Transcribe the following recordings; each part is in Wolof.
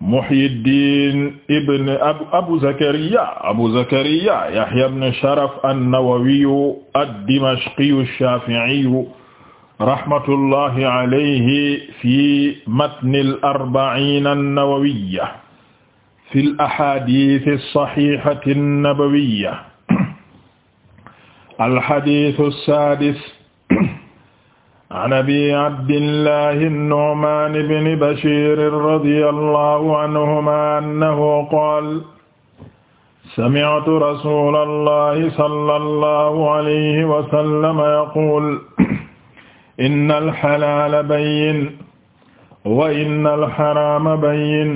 Muhyiddin ibn abu abu Zakariya abu Zakariya Yahya ibn Sharaf an-Nawawiyu ad-Dimashqiyu ash-Shafi'iyu rahmatullahi alayhi fi matn al-arba'iin an-nawawiyya fi al-ahaadiith as-sahihati an-nabawiyya al-hadiith as-saadis an abi abdillahi nnu'man ibni bashir radiyallahu anhuma annahu qaala sami'tu rasulallahi sallallahu alayhi wa sallam yaqul innal halaala bayyin wa innal haraama bayyin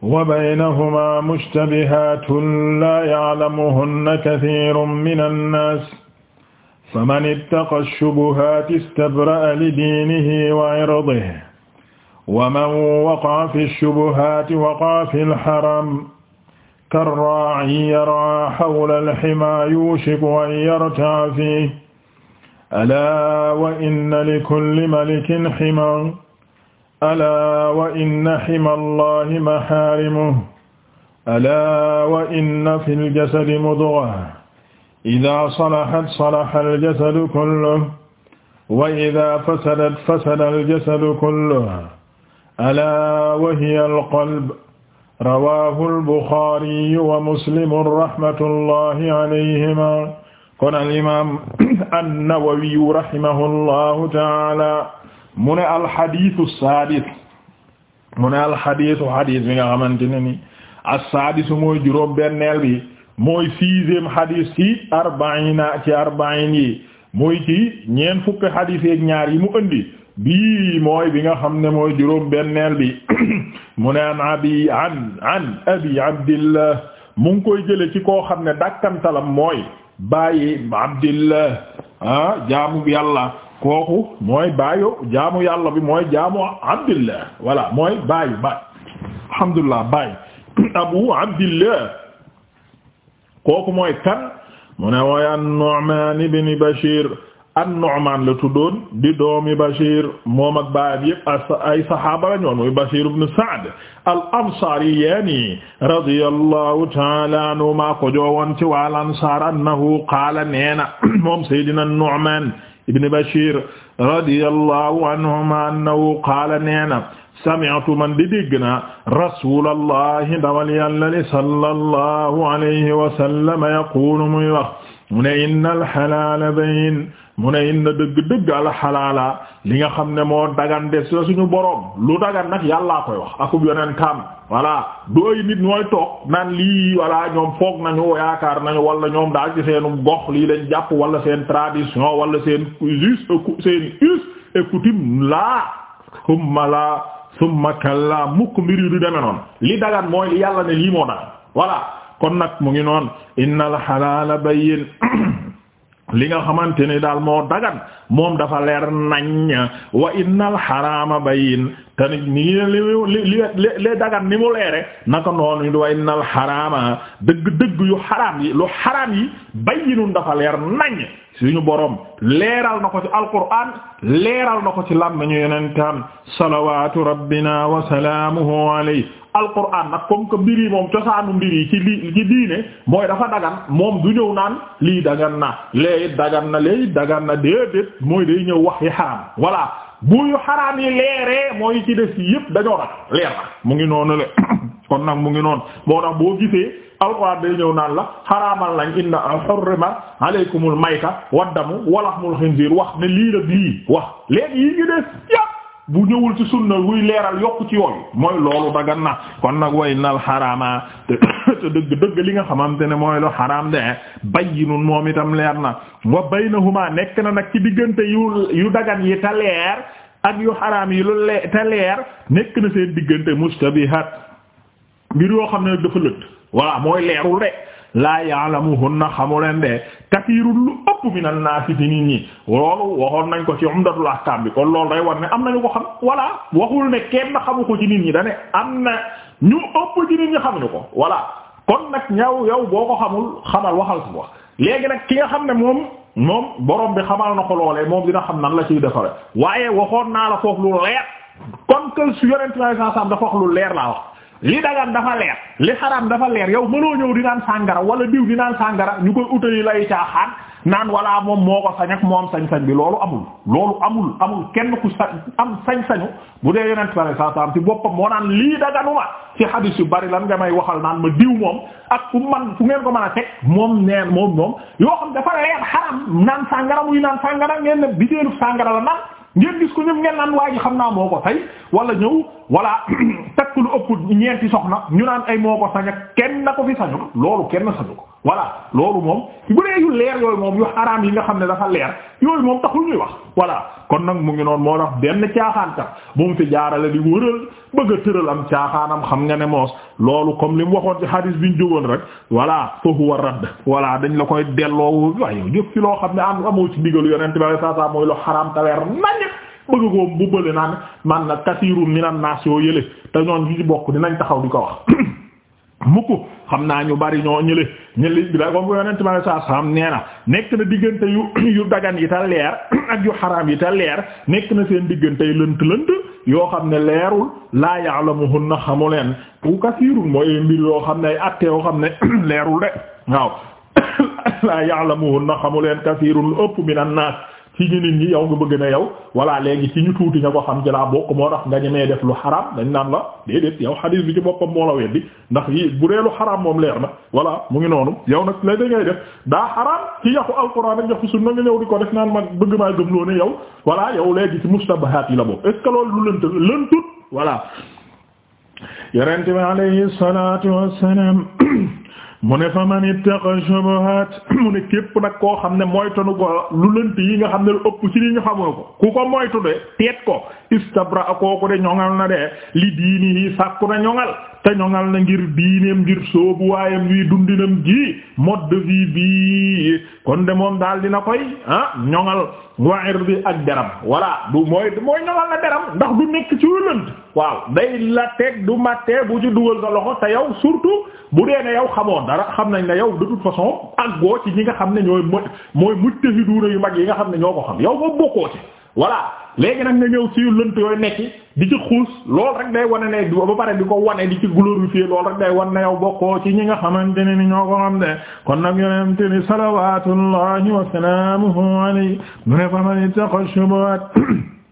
wa baynahumaa mushtabihaatun laa ya'lamuhunna kathiirun minan naas faman ittaqa shubuhaati istabra'a lidiinihi wa irdihi wa man waqa'a fi shubuhaati waqa'a fil haram karraa'i yar'aa hawla al-himaa yuushiku an yarta'a fiihi alaa wa inna likulli malikin himan alaa wa inna hima Allahi mahaarimuhu alaa wa inna fil jasadi mudghatan ida salahat salaha aljasadu kulluhu wa ida fasadat fasada aljasadu kulluhu alaa wa hiya alqalb rawaahu albuxaariyu wa muslimun rahmatullahi alayhima kon alimaam annawawiyu rahimahullahu taala mu ne alxadiisu saadis mu ne alxadiisu xadiis bi nga xamante ne ni assaadisu mooy juróom benneel bi mooy sixième xadis ci arbaina ci arbaine yi muy ci ñeent fukki xadis yeeg ñaar yi mu indi bii mooy bi nga xam ne mooy juróom benneel bi mu ne an abi an an mu ngi koy jële ci koo xam ne dakkantalam mooy bàyyi abdillah ah jaamu yàlla kooku mooy baayu jaamu yàlla bi mooy jaamu abdillah voilà mooy baayu baay alhamdulillah baay abu abdillah kooku mooy kan mu ne mooy an-Nu'man ibn Bashir an-Nu'man la tuddoon di doomi Bashir moom ak baayam yëpp ay saxaaba la ñoon muy Bashir ibn Sa'd al-Ansariyaani radiyallahu ta'ala anhu maa ko joowoon ci wal Ansaar annahu qaala neena moom Seydina Nu'man ibn Bashir radiyallahu anhuma annahu qaala neena sami'tu man di dégg naa rasulallahi dawal yàlla li sallallahu alayhi wa sallam yaqulu muy wax mu ne inna alxalaala bayin mu ne inna dëgg-dëgg alxalaala li nga xam ne moo dagan des la suñu boroom lu dagan nag yàllaa koy wax akub yonentam voilà du ay nit ñooy toog naan lii voilà ñoom foog nañu yaakaar nañu wala ñoom daal ci seenum gox lii lañ jàpp wala seen tradition wala seen us seen laa xumma laa summa kalla mukk mbir yi du demee noonu li dagan mooy li yàlla ne lii moo dagan voilà kon nag mu ngi noon innal halaala bayyin li nga xamante ni daal moo dagan moom dafa leer nañ wa innal xaraama bayin te nit dagan ni mu leere naka noonu wa innal xaraama dëgg-dëgg yu xaraam yi lu xaraam yi bayinun dafa leer nañ suñu borom leeral na ko ci alquraan leeral na ko ci lam nañu yenentaan salawaatu rabbina wa salaamuhu alayhi alquran nag comme que mbir moom cosaanu mbir ci diine mooy dafa dagan moom du ñëw naan lii dagan na léegi dagan na léegi dagan na déedéet mooy day ñëw wax yi xaraam voilà bu yu yi leeree mooy ci def yépp dañoo rak leer na mu ngi noonu le kon nag mu ngi noonu moo tax boo gisee alquran day ñëw naan la xaraamal lañ inna hurrimat alaykumul mayta waddamu wa lahmul xinziir wax ne lii la lii wax léegi yi ngi des bu ñëwul ci sunna wuy leeral yokk ci yooyu mooy loolu dagan na kon nag way nal xaraama te dëgg dëgg li nga xamante ne mooy lu xaraam de bayyinun moom itam leer na wa baynahuma nekk na nag ci diggante yu yu dagan yi te leer ak yu xaraam yi lu le te leer nekk na seen diggante mustabihat mbir yoo xam ne dafa lëtt voilà mooy leerul de laa ya'lamuhunna xamu leen de kasiirun lu ëpp min an-naasi ci nit ñi loolu waxoon nañ ko ci umdatul ahkaam bi kon loolu day war ne am nañu ko xam voilà waxul ne kenn xamu ko ci nit ñi dane am na ñu ëpp ci nit ñi ne ko voilà kon nag ñaw yow boo ko xamul xamal waxal ko wax léegi nag ki nga xam ne moom moom borom bi xamal na ko loolee moom dina xam nan la ciy defare waaye waxoon naa la foofu lu leer kon que su yonent sallallahu alayhi wasallam dafa wax lu leer laa wax lii dagan dafa leer li xaraam dafa leer yow mënoo ñëw di naan sàngara wala diw di naan sàngara ñu koy utali lay caaxaan naan wala moom moo ko sañ ak moom sañ-sañ loolu amul loolu amul amul kenn ku sa am sañ-sañu bu dee yonent bi alayhi ci boppam moo naan lii daganuma ci xadis yu bari lan nga may waxal naan ma diw moom ak fu man fu ngeen moom neen moom yoo xam dafa leer xaraam naan sàngara muy naan sàngara ngeen ne bitéelu sàngara la naan ngeen gis ko ñëpp ngeen naan waa xam naa moo ko tey wala ñëw voilà takk lu ëpp ñeenti soxna ñu naan ay moo ko sañ kenn na ko fi sañu loolu kenn sañu ko voilà loolu moom bu dee yu leer yooyu moom yu xaraam yi nga xam ne dafa leer yooyu moom taxul ñuy wax voilà kon nag mu ngi noon moo tax benn caaxaan kat bu mu fi jaarale di wëral bëgg a tëral am caaxaanam xam nga ne moos loolu comme li mu waxoon ci hadis bi ñu jógoon rek voilà foofu war radd voilà dañ la koy delloo waaye yow jëf ci loo xam ne am amoo ci ndigalu yonent bi sallallahu alayhi wasallam mooy lu xaraam ta leer bëgg ko bu bële naan man na kasiirun minan naas yoo yële te ñoon ñu bokk dinañ taxaw di ko wax mukk xam naa ñu bari ñoo ñële ñële bi la ma saam nee nekk na diggante yu yi te leer ak yu xaraam yi te leer nekk na seen diggante yi lënt lënt yoo xam ne leerul laa ya'lamuhunna xamu leen ku kasiirun mooy mbir yoo xam ne ay àtte xam ne leerul de waaw laa ya'lamuhunna xamu leen kasiirun ëpp minan naas ci ñu nit ñi yow nga bëgg na yow voilà léegi ci ñu tuuti nga ko xam ci laa bokk moo tax nga ñemee def lu xaraam dañ naan la déedéet yow xadiis bi ci boppam moo la weddi ndax yi bu dee lu xaraam moom leer na voilà mu ngi noonu yow nag la da ngay def daa xaraam ci yaxu alxuraan ak yaxu sunna nga ñëw di ko def naan ma bëgg maa gëm loo ne yow voilà yow léegi ci mustabahaat yi la bokk est ce que loolu lu lënt lëntut voilà yonent bi alayhi salaatu wassalaam mu ne fa man ittaqa shubuhat mu ne képp nag koo xam ne moytanu ko lu lënt yi nga xam ne lu ëpp ci li ñu xamul ko ku ko moytu de teet ko istabra kooku de ñoŋal na de li diinihi sàkku na ñoŋal te ñoŋal na ngir diineem ngir soobu waayam wi dundinam gi mode de vie bi kon de moom daal dina koy ah ñoŋal wa bi ak deram voilà du mooy mooy ñoŋal la deram ndax du nekk ci lu lënd waaw day la teg du mattee bu ci dugal sa loxo te yow surtout bu dee ne yow xamoon dara xam nañ ne yow de toute façon àggoo ci ñi nga xam ne ñooy mooy mujtahiduuna yu mag yi nga xam ne ñoo ko xam yow ba bokkoo ci voilà léegi nag nga ñëw ci lënt yooyu nekki di ci xuus loolu rek day wane ne ba pare di ko wane di ci glorifier loolu rek day wan ne yow bokkoo ci ñi nga xamante ne ni ñoo ko xam ne kon nag yonente ni salawatullahi wa salaamuhu alayhi mu ne faman ittaqa shubuhat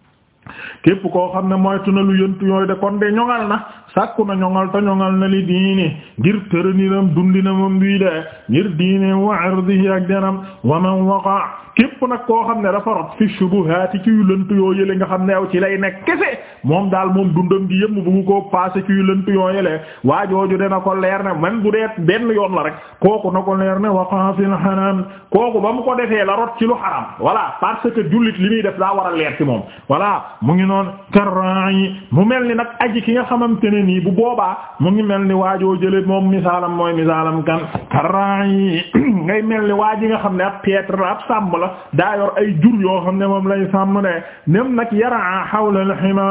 képp koo xam ne moytu na lu yënt yooyu de kon de ñoŋal na sàkku na ñoŋal te ñoŋal na li diini ngir tërëninam dundinamam bii de ngir diine wa ardihi ak denam wa man waqa képp nag koo xam ne dafa rot fi shubuhaati ci yu lënt yoo yële xam ne yow ci lay nekk kese moom daal moom dundam gi yëpp bu ko passé ci yu lënt yoo yële waa de dana ko leer ne man bu dee benn yoon la rek kooku na ko leer ne waqa fil haram kooku ba mu ko defee la rot ci lu haram voilà parce que jullit li muy def daa war a leer ci moom nii bu boobaa mu ngi mel ni waajoo jële moom misaalam mooy misaalam kan ra'i ngay mel ni waa ji nga xam ne ab piètre ab sàmm la daa ay jur yoo xam ne moom lay sàmm ne nem nag yaraa na al a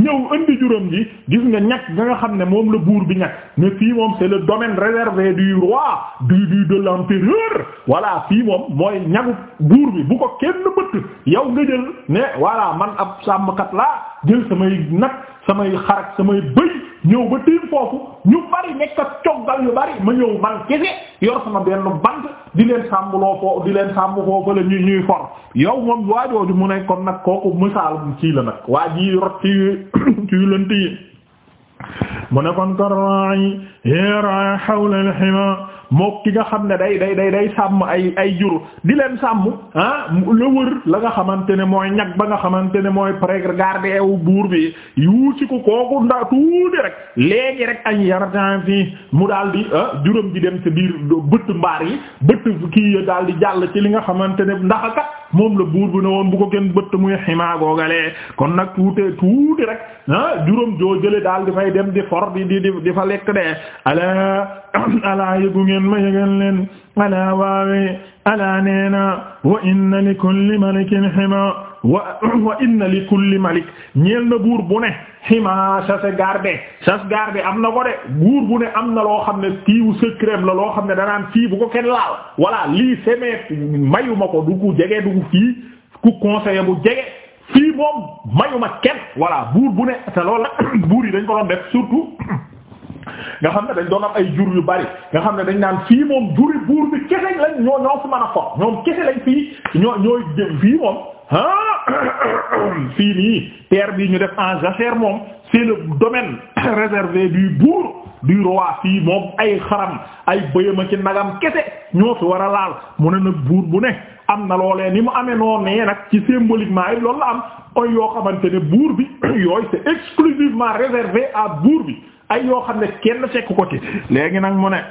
ñëw indi juróom ji gis nga ñàkk nga xam ne moom la buur bi ñàkk ne fii moom c'est le domaine réservé du roi du du de l'empereur voilà fii moom mooy ñagu buur bi bu ko kenn bëtt yow nga jël ne voilà man ab sàmmkat laa jël samay nag samay xarak samay bëy ñëw ba tiim foofu ñu bari nekk ak coggal yu bari ma ñëw man kese yor sama benn bant di leen sàmm loo foo di leen sàmm foofu la ñuy ñuy yow moom waajooju mu ne kon nag kooku misaalum kii la nag waa ji rot ci ci lënt yi mu ne kon ko ra'i hira hawla al-hima moo ki nga xam ne day day day day sàmm ay ay jur di leen sàmm ah la wër la nga xamante ne mooy ñag ba nga xamante ne mooy prégre prégarde wu buur bi yuusi ko kooku nda tuuti rek léegi rek añ yaratan fii mu daal di ah, juróom bi dem ci biir bëtt mbaar yi bëtt kii ya daal di jàll ci li nga xamante ne ndax kat moom la buur bu ne bu ko kenn bëtt muy ximaa googalee kon nag tuute tuuti rek ah, juróom joo jële daal di fay dem di for di di di fa lekk de alaa alaa yëgu ngeen ma yëgal leen alaa waawe inna li kulli malikin ximaa wa wa inna li kulli malik ñeel na buur bu ne xima chasse gardée chasse gardée am na ko de buur bu ne am na loo xam ne kiiwu secret la loo xam ne danaan fii bu ko kenn laal voilà lii semee mayu ko du ku jege du fii ku bu jege fii moom mayuma kenn voilà buur bu ne te loolu la buur yi dañ ko def surtout nga xam ne dañ doon am ay jur yu bari nga xam ne dañ naan fii moom juri buur bi kese lañ ñoo ñoo fi mën a ñoom kese lañ fii ñoo ñooy jëm fii moom ah fii nii terre bi ñu def en jachère moom c'est le domaine réservé du bourg du roi fii moom ay xaram ay bëyam ci nagam kese ñoo fi war a laal mu ne nag buur bu ne am na loolee ni mu amee noo nee nag ci symboliquement it loolu la am ay yoo xamante ne buur bi yooyu c'est exclusivement réservé à buur bi ay yoo xam ne kenn fekk ko ci léegi nag mu ne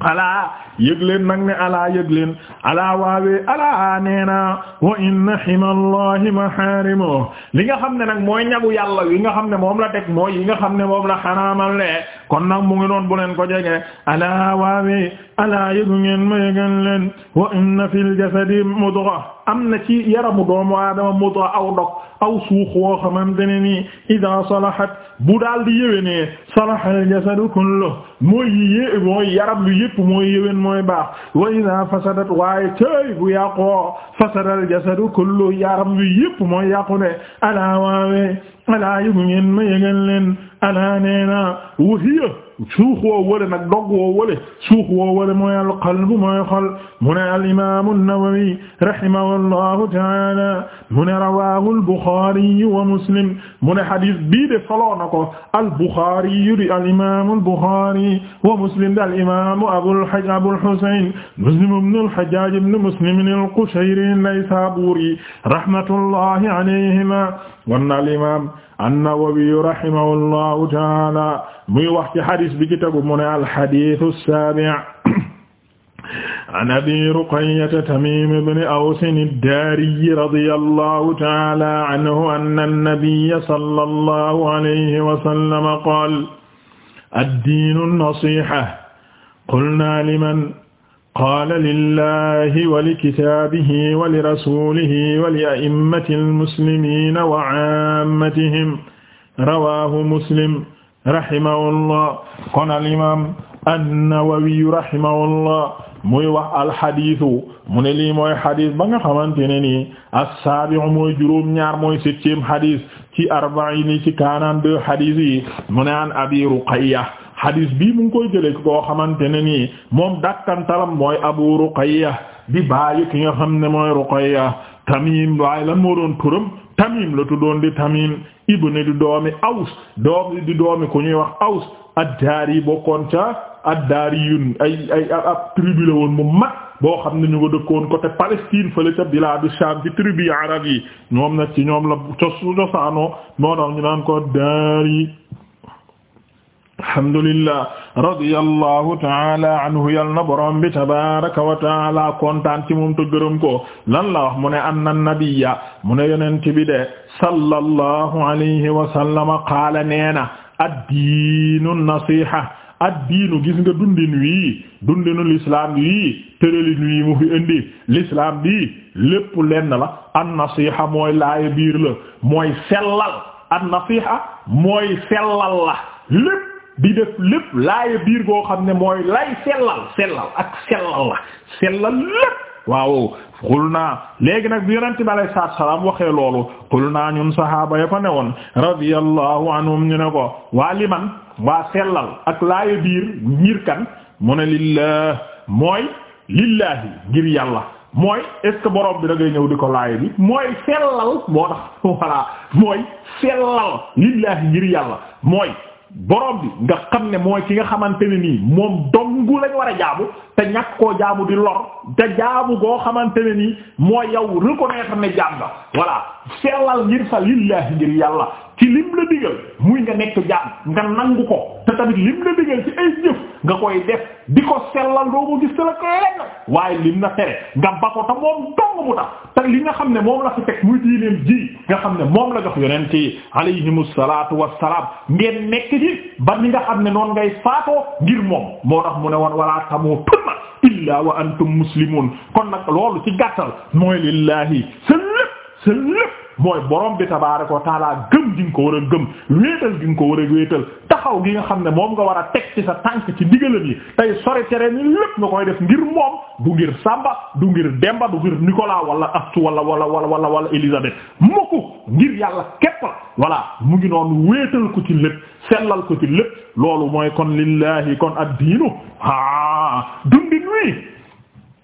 alaa yëg leen nag ne alaa yëg leen alaa waawee alaa nee wa inna himallahi maharimo li nga xam ne nag mooy ñagu yàlla yi nga xam ne moom la teg mooy yi nga xam ne moom la xaraamal le kon nag mu ngi noon bu leen ko jege alaa waawee alaa yëgu ngeen ma yëgal leen wa inna fil jasadi mudgha am na ci yaramu doomu aadama mudgha aw dog aw suux woo xamante ne nii idaa salahat bu daal di yéwénee salahal jasadu kullu mooy yé mooy yaram bi yépp mooy yéwén mooy baax wa idaa fasadat waaye tey bu yàqoo fasadal jasadu kullu yaram bi yépp mooy yàqu ne alaa waawee alaa yëgu ngeen ma yëgal leen alaa nee na wa hiya suux woo wële nag dog woo wële suux woo wële mooy alqalbu mooy xol mu ne alimamu Nawawi rahimahullahu taala mu ne rawahu albuxaari wa muslim mu ne xadis bii de soloo na ko albuxaari di alimamu albuxaari wa muslim di alimamu abulhaj abulhusayn muslim ibn alhajjaj ibn muslim alqushayri an-naysaburi rahmatullahi alayhima wa al imam an-Nawawi rahimahullahu taala muy wax ci xadis bi ci tegu mu ne al-xadiisu as-saabi' an abi ruqayyata tamim ibni awsin iddaariyi radi allahu taala aanhu anna annabiya sala allahu alayhi wasallama qaal addiinu nasiha qulna liman qaala lillahi wa likitaabihi wa lirasuulihi wa li a'immati almuslimiina wa aammatihim rawaahu muslim rahimahullah kon alimaam an-Nawawi rahimahullah muy wax alxadiisu mu ne lii mooy xadis ba nga xamante ne nii as-saabi'u mooy juróom-ñaar mooy septième xadis ci arba'iin yi ci quarante-deux xadis yi mu ne an Abi Ruqayya xadis bii mu ngi koy jëlee koo xamante ne nii moom dakkantalam mooy Abu Ruqayya di baayu ki nga xam ne mooy Ruqayya Tamim waaye lan moo doon turam Tamim la tuddoon di Tamim ibne di doomi Aws doom di doomi ku ñuy wax Aws ad-Dari bokkoon ca ad-Dariyun ay ay ab tribu la woon mu mag boo xam ne ñu nga dëkkoon côté Palestine fële ca biladu Sham ci tribu yi arab yi ñoom nag ci ñoom la cos cosaanoo moo tax ñu naan ko Dari alhamdulillah radiyallahu taala anhu yal na borom bi wa taala kontaan ci moom te gërëm ko lan la wax mu ne anna nabiyya mu ne yonent bi de sallallahu alayhi wa sallama qaala neena addiinu nasiha addiinu gis nga dundin wii dundinu lislaam wii tëralin wii mu fi indi lislaam bi lépp lenn la an nasiha mooy laaya biir la mooy sellal an nasiha mooy sellal la di def lépp laaya biir goo xam ne mooy lay sellal sellal ak sellal la sellal lépp waaw xul naa léegi nag bi yonente bi alayhi salaam waxee loolu xul naa ñun sahaaba ya fa ne woon radiyallahu anhum ñu ne ko waa liman waa sellal ak laaya biir ngir kan mu ne lillah mooy lillahi ngir yàlla mooy est ce bi da ñëw di ko laaya bi mooy sellal moo tax voilà mooy sellal lillahi ngir yàlla mooy borom bi nga xam ne mooy ki nga xamante ne nii moom dongu lañ war a jaamu te ñàkk koo jaamu di lor te jaamu goo xamante ne nii mooy yow reconnaître ne jaam nga voilà sellal ngir fa lillahi ngir yàlla ci lim la digal muy nga nekk jaam nga nangu ko te tamit lim la digal ci ay jëf nga koy def di ko sellal doo ko gis te la ko lenn waaye lim na tere nga ba ko te moom dong mu tax te li nga xam ne moom la fi teg muy diineem ji nga xam ne moom la jox yonent yi alayhimu salaatu wassalaam ngeen nekk ji ba ni nga xam ne noon ngay faatoo ngir moom moo tax mu ne woon walaa tamuutunna illaa wa antum muslimuun kon nag loolu ci gàttal mooy lillaahi sa lépp sa lépp mooy gi ko war a gëm wéetal gi nga ko war a wéetal taxaw gi nga xam ne moom nga war a teg ci sa tànk ci ndigalam yi tey sore tere ni lépp nga koy def ngir moom du ngir sàmba du ngir Demba du ngir Nicolas wala Astu wala wala wala wala Elisabeth mukku ngir yàlla képp voilà mu ngi noonu wéetal ko ci lépp sellal ko ci lépp loolu mooy kon lillahi kon ad diinu dundi nuy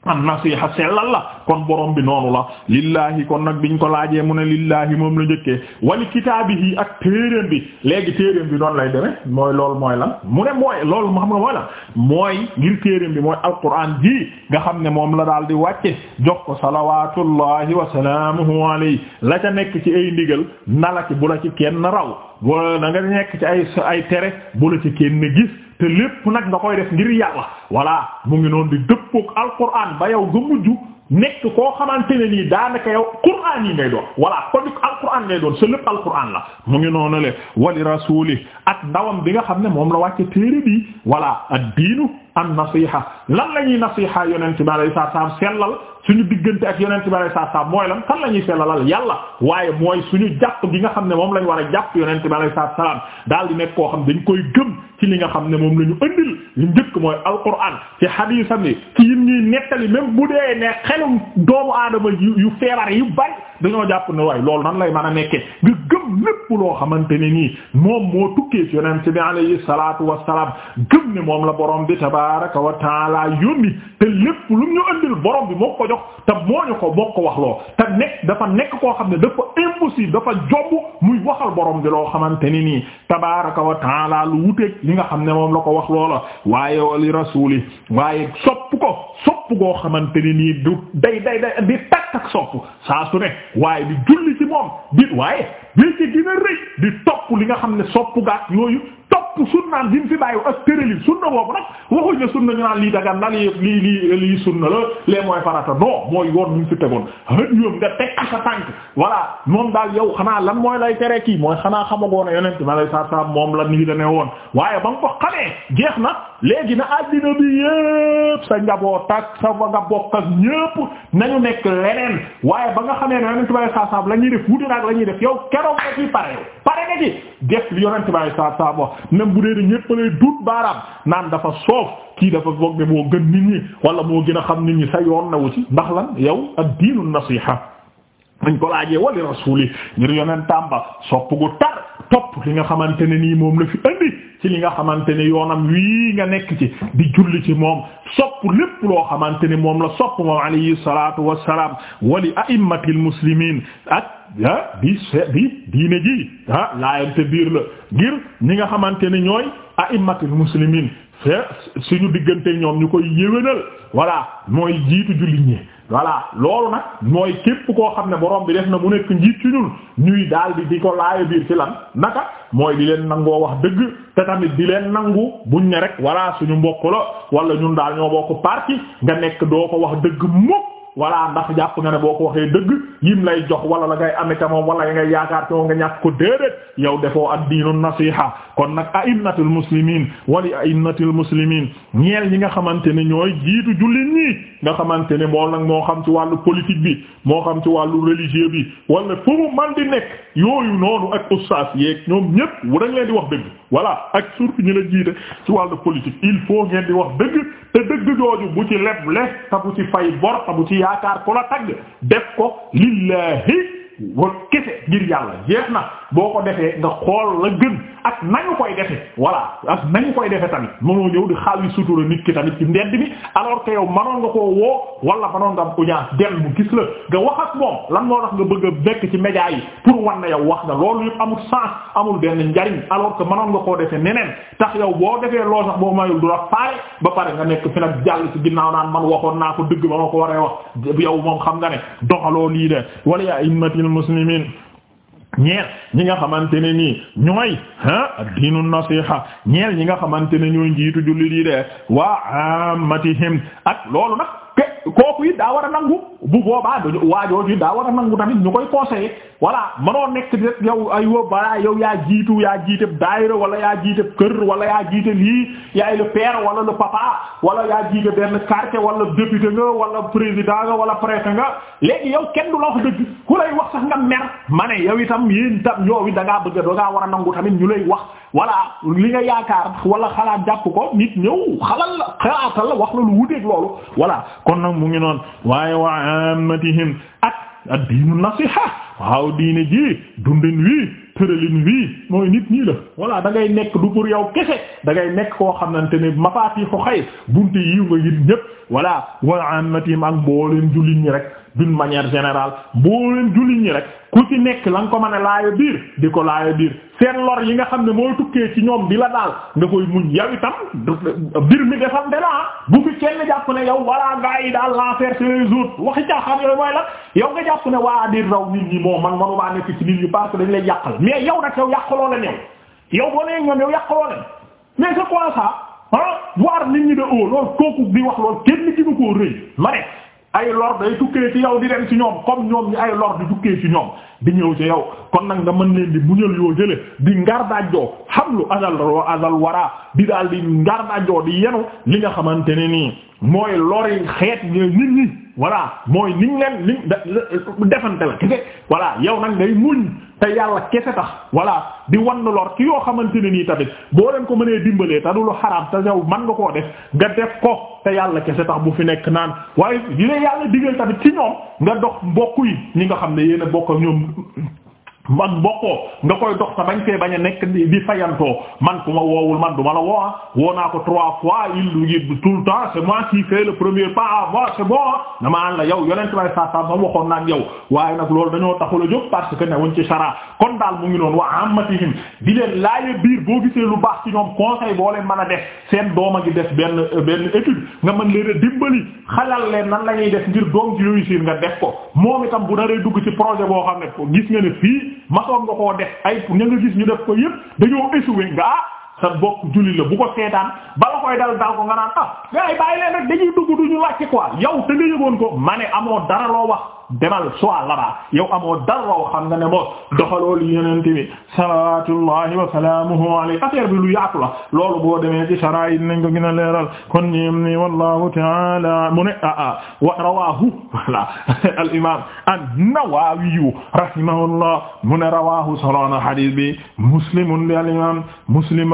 an nasiha sellal la kon borom bi noonu la lillahi kon nag biñ ko laajee mu ne lillahi moom la njëkkee wali kitaabihi ak téeréem bi léegi téeréem bi noonu lay demee mooy lool mooy lan mu ne mooy loolu mu xam nga mooy lan mooy ngir téeréem bi mooy alquran ji nga xam ne moom la daal di wàcce jox ko salawatullahi wa salaamuhu alayhi la ca nekk ci ay ndigal na la ci bu la ci kenn raw wala nga nekk ci ay ay tere bu la ci kenn gis te lépp nag nga koy def ngir yàlla voilà mu ngi noonu di dëppook alquran ba yow nga mujj nekk koo xamante ne nii daanaka yow quraan yi ngay doon voilà kon alquran ngay doon sa lépp alquran la mu ngi noonu le wali rasuli ak ndawam bi nga xam ne moom la wàcce téere bi voilà ad diinu an nasiha lan la ñuy nasiha yonent bi alayhi salaam sellal suñu diggante ak yonent bi alayhi salaam mooy lan kan la ñuy sellalal yàlla waaye mooy suñu jàpp gi nga xam ne moom lañ war a jàpp yonent bi alayhi salaam daal di nekk koo xam dañ koy gëm ci li nga xam ne moom la ñu andil li njëkk mooy alquran ci hadiisam yi ci yim ñuy nettali même bu dee ne xelum doomu aadama yu feebar yu bari dañoo jàpp ne waaye loolu nan lay man a nekkee loo xamante ne nii moom moo tukkee ci yonent bi alayhi salaatu wassalaam gëm ne moom la borom bi tabaaraka wa taala yónni te lépp lu ñu andil borom bi moo ko jox te moo ko moo ko wax loo ta nekk dafa nekk koo xam ne dafa impossible dafa jomb muy waxal borom bi loo xamante ne nii tabaaraka wa taala lu wuteeg li nga xam ne moom la ko wax loola waaye wali rasuuli waaye sopp ko sopp goo xamante ne nii du day day day di takk ak sopp saa ne waaye moom bit waaye bi ci gën di topp li nga xam ne soppu gaak yooyu topp sunnaam bi mu fi bàyyi ak tërëlin sunna boobu nag waxuñ ne sunna ñu naan lii dagan na lii lii lii lii sunna la lee mooy farata non mooy yoon bi mu fi tegoon hët yoon moom daal yow xanaa lan mooy lay tere kii mooy xanaa xamagoona yonent ma lay saa moom la nii la ne woon waaye ba nga ko xamee na léegi na àddina bi yépp sa njaboot ak sa nga bokk ak ñépp nañu nekk leneen waaye ba nga xamee ne yonent ma lay saa saa la ñuy def wuute nag la ñuy def yow keroog nga ci pare yow pare nga ci def li yonent ma lay saa wax même bu dee ne ñépp baaraam naan dafa soof kii dafa foog ne moo gën nit ñi wala moo gën a xam nit ñi sa yoon na wu ci ndax lan yow ak diinu nasiha dañ ko laajee wali rasuli ngir yoneen tàmba sopp gu tar topp li nga xamante ne nii moom la fi andi ci li nga xamante ne yoonam wii nga nekk ci di julli ci moom sopp lépp loo xamante ne moom la sopp moom alayhi salaatu salaam wali a'immatil muslimiin ak ah di di diine ji ah laayante biir la ngir ñi nga xamante ne ñooy a'immatil muslimiin suñu diggante ñoom ñu koy yéwénal voilà mooy jiitu julli ñi voilà loolu nag mooy képp koo xam ne borom bi def na mu nekk njiit ci ñun ñuy daal di di ko laaya biir ci lan naka mooy di leen nangoo wax dëgg te tamit di leen nangu buñ ne rek voilà suñu mbokk la wala ñun daal ñoo bokk parti nga nekk doo ko wax dëgg mukk voilà ndax jàpp nga ne boo ko waxee dëgg yim lay jox wala la ngay amee moom wala ngay yaakaar te moom nga ñàkk ko déedéet yow defoo ad diinu nasiha kon nag a'immatul muslimin wali a'immatul muslimin ñeel ñi nga xamante ne ñooy jiitu jullit ñi nga xamante ne moom nag moo xam ci wàllu politique bi moo xam ci wàllu religieux bi wala fu mu man di nekk yooyu noonu ak ustaas yeeg ñoom ñépp wu leen di wax dëgg voilà ak surtout ñu la jiite ci wàllu politique il faut ngeen di wax dëgg te dëgg jooju bu ci leble te bu ci fay bor te bu ci yaakaar ko la tagg def ko lillahi wa kese ngir yàlla jeex na boo ko defee nga xool la gën ak nañu koy defe voilà ak nañu koy defe tamit mënoo ñëw di xaawi sutura nit ki tamit ci ndedd bi alors que yow manoon nga koo woo wala manoon nga am audience del mu gis la nga wax lan moo tax nga bëgg a ci média yi pour wan na yow wax nga loolu yëpp amul sens amul benn njariñ alors que manoon nga koo defee neneen tax yow boo defee loolu sax boo mayul du la ba pare nga nekk fi nag jàll ci ginnaaw naan man waxoon naa ko dëgg ba ma ko waree wax yow moom xam nga ne doxaloo lii de wala yaa lil muslimin ñeel ñi nga xamante ne nii ñooy ah diinu nasiha ñeel ñi nga xamante ne ñooy njiitu jullit yi de waa amatihim ak loolu nag kooku it daa war a nangu bu boobaa dañu waajoo it daa war a nangu tamit ñu koy conseiller voilà mënoo nekk di rek yow ay wo balaa yow yaa jiitu yaa jiite daayira wala yaa jiite kër wala yaa jiite lii yaay le père wala le papa wala yaa jiite benn quartier wala député nga wala président nga wala préfet nga léegi yow kenn du la wax dëgg ku lay wax sax nga mer ma ne yow itam yéen tam ñoo it da ngaa bëgg da ngaa war a nangu tamit ñu lay wax voilà li nga yaakaar wala xalaat jàpp ko nit ñëw xalal la xalaatal la wax mu ngi noon waaye wa ammatihim ak ak diinu nasiha waaw diine ji dundin wii tëralin wii mooy nit ñii la voilà da ngay nekk du pour yow kese da ngay nekk koo xamante ne mafaatiixu xayr bunte yi nga ngir ñépp voilà wa ammatihim ak mbooleen jullit ñi rek d'une manière général mbooleen jullit ñi rek ku ci nekk la nga ko mën laaya biir di ko laaya biir seen lor yi nga xam ne mooy tukkee ci ñoom bi la daal nga koy muñ yow itam biir mi defam de la bu fi kenn jàpp ne yow a gaa yi daal l'enfer c'est les autres waxi caaxaan yooyu mooy la yow nga jàpp ne waa di raw nit ñi moom man manu baa nekk ci nit ñi parce dañ lay yàqal mais yow nag yow yàqaloo la new yow boo nee ñoom yow yàqaloo la mais c'est quoi ça ah voir nit ñi de oo loolu kooku di wax loolu ma ay lor day tukkee ci yow di dem ci ñoom comme ñoom ñi ay lor di tukkee ci ñoom di ñëw ci yow kon nag nga mën leen di muñal yoo jële di ngar daajoo xam lu azal azal wara di daal di ngar daajoo di yenu li nga xamante ne nii mooy lori xeet nit ñi voilà mooy niñ leen liñ defante la kese voilà yow nag ngay muñ te yàlla kese tax voilà di wann lor ci yoo xamante ne nii tamit boo leen ko mënee dimbalee te lu xaraam te yow man nga koo def nga def ko te yàlla kese tax bu fi nekk naan waaye dina yàlla digal tamit ci ñoom nga dox mbokk yi ñi nga xam ne yéen a bokk ak ñoom man bokkoo nga koy dox sa bañ fee bañ a nekk di fayantoo man ku ma woowul man du ma la woo ah woo naa ko trois fois il il tout le temps c'est moi qui fais le premier pas moi c'est bon dama an la yow yonent bay sa sam sam waxoon naak yow loolu dañoo taxul a jóg que ne wuñ ci sara kon mu ngi noonu wa amatihim di leen laaye biir boo gisee lu baax ci ñoom conseil boo leen mën a def seen doom a ngi def benn benn étude nga man leen a dimbali xalal leen nan la ñuy def ngir doom ci réussir nga def ko moom itam bu naree dugg ci projet boo xam ne gis nga ne fii ma masoon nga koo def ay ña nga gis ñu def ko yëpp dañoo échoué nga ah sa bokk julli la bu ko seetaan bala koy dal dal ko nga naan ah gars yi bàyyi leen rek dañuy dugg duñu laajte quoi yow te nga yëgoon ko amoo dara loo wax demal soit là-bas yow amoo dara loo xam nga ne moos doxaloo li yenente bi salawatullahi wa salaamuhu alayhi affaire bi lu yaatu la loolu boo demee ci shara yi nañ ko gën a leeral kon ñim ni wallahu taala mu ne ah ah wa rawahu voilà al imam an-Nawawi rahimahullah mu ne rawahu soloona bi muslimun bi al